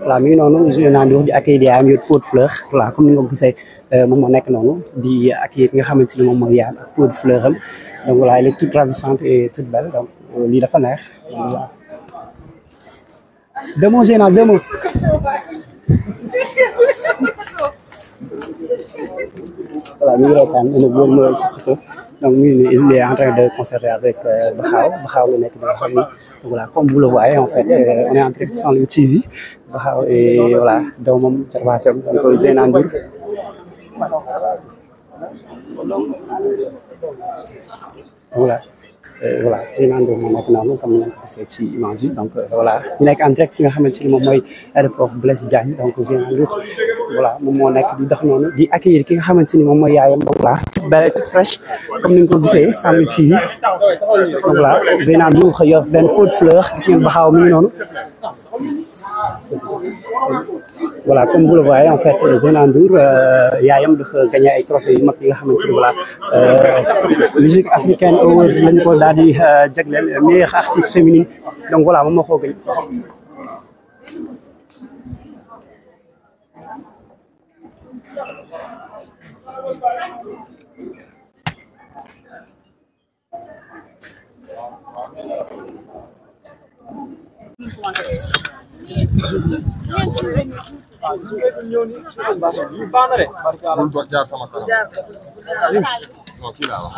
voilà mi ngi noonu joué naa di wax di yaayam yor pot fleur voilà comme ni nga ko gisee euh, nekk noonu di accueillir ki nga xamante ni moom mooy yaayam ak pot de fleur donc voilà elle est toute ravissante et toute belle donc euh, lii dafa neex voilà. deux mots Zeyna mi ngi reetaan ne donc il est en train de concerter avec Baxaaw euh, Baxaaw la nekk di nga comme vous le voyez en fait euh, on est en direct sur Saint-Louis TV Baxaaw et voilà doomam jarbaatam donc euh, Zeyna voilà. Euh, voilà Rimando moo nekk noonu comme ni ko gisee ci image yi donc euh, voilà ñu nekk en direct fi nga xamante ni moom mooy aéroport Blaise Diagne donc Rimando voilà moom moo nekk di dox noonu di accueillir ki nga xamante ni moom mooy yaayam donc voilà belle toute fraîche comme ni nga ko gisee sànni ci donc voilà Rimando yor benn pot de fleur gis ngeen baxaaw mi ngi noonu voilà comme vous le voyez en fait Zeyna euh, yaayam dafa gagné ay trophées yu mag yi nga xamante ni voilà euh, musique lañu ko daal di euh, jagleel meilleure féminine donc voilà moom moo ko bul doon jaar sama kanam. non kii laa wax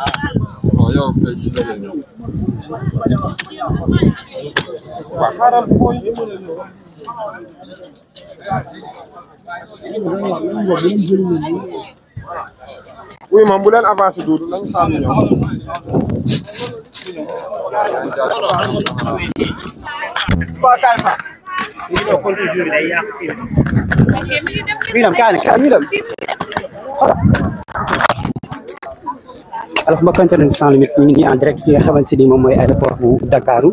non yow kay ci dëgg ñëw. waaw xaaral booy. oui moom bu leen avancé tuuti Milam kaane kaane milam alors mbokk internet sans limite ñu en direct fi nga xamante ni moom mooy aéroport bu Dakaru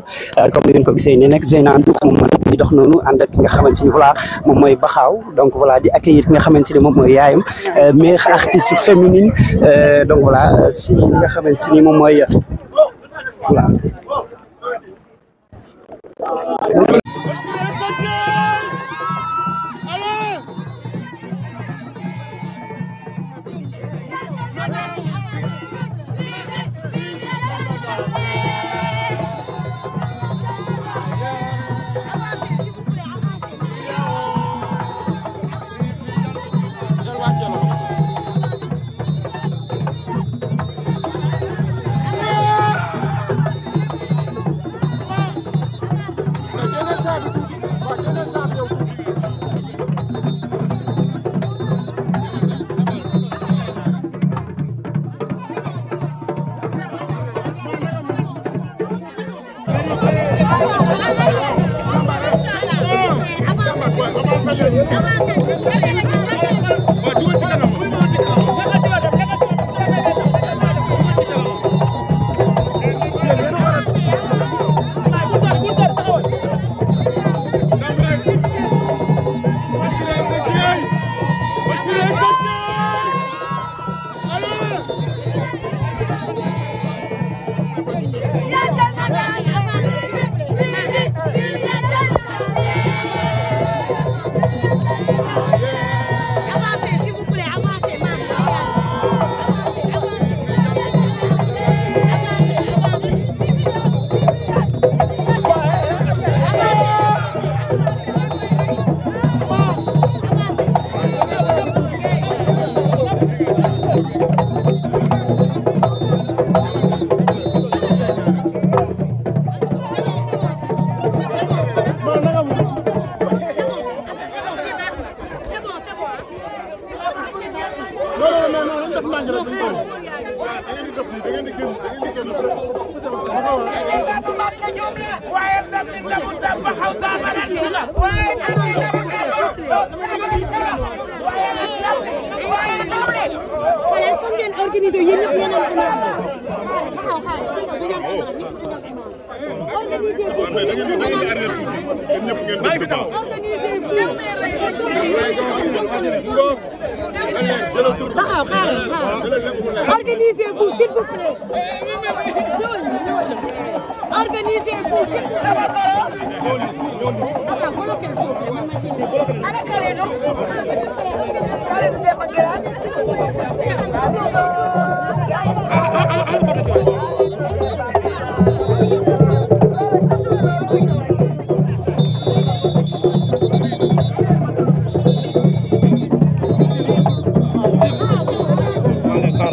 comme ni ngeen ko gisee ne nekk Zeyna Ndour moom mën dox noonu ànd ak ki nga xamante ni voilà moom mooy Baxaaw donc voilà di accueillir ki nga xamante ni moom mooy yaayam meilleure artiste féminine donc voilà si nga xamante ni moom mooy voilà dugal non non non def ndànk rek dañ koy da ngeen di def da ngeen di génn da ngeen di génn waaye daf ci ndamu daf ba xaw daa ba rek ci la waaye daf ci ndamu waaye daf ci waaye foog ngeen organiser yéen ñëpp ngeen am imam ma xaw xaar organiser ko ñëpp ngeen def taxaw xaaral xaaral organisez-vous s'il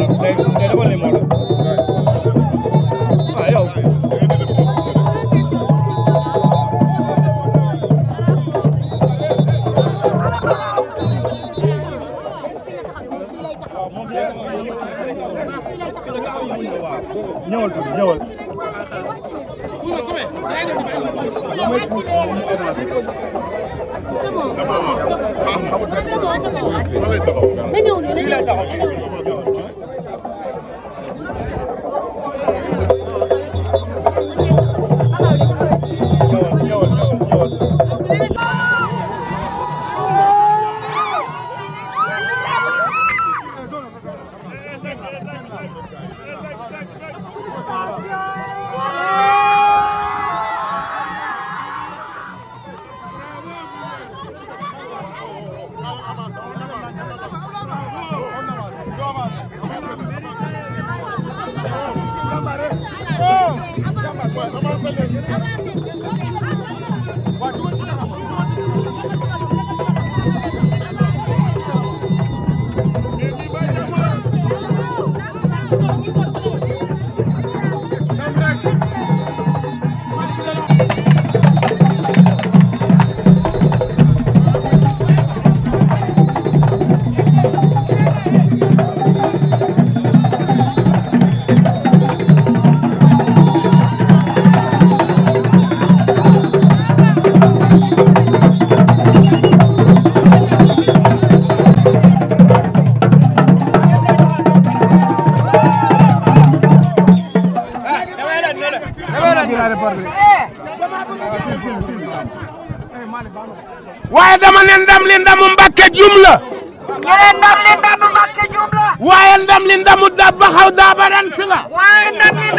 la day day defal ni moo la ah yow. ñëwal tuuti ñëwal. c'est bon. avancé léegi waaye dama ne ndam li ndamu Mbàkke jum la. waaye ndam li ndamu Mbàkke jum la. waaye ndam li ndamu Dabaxaw Dabaran si la.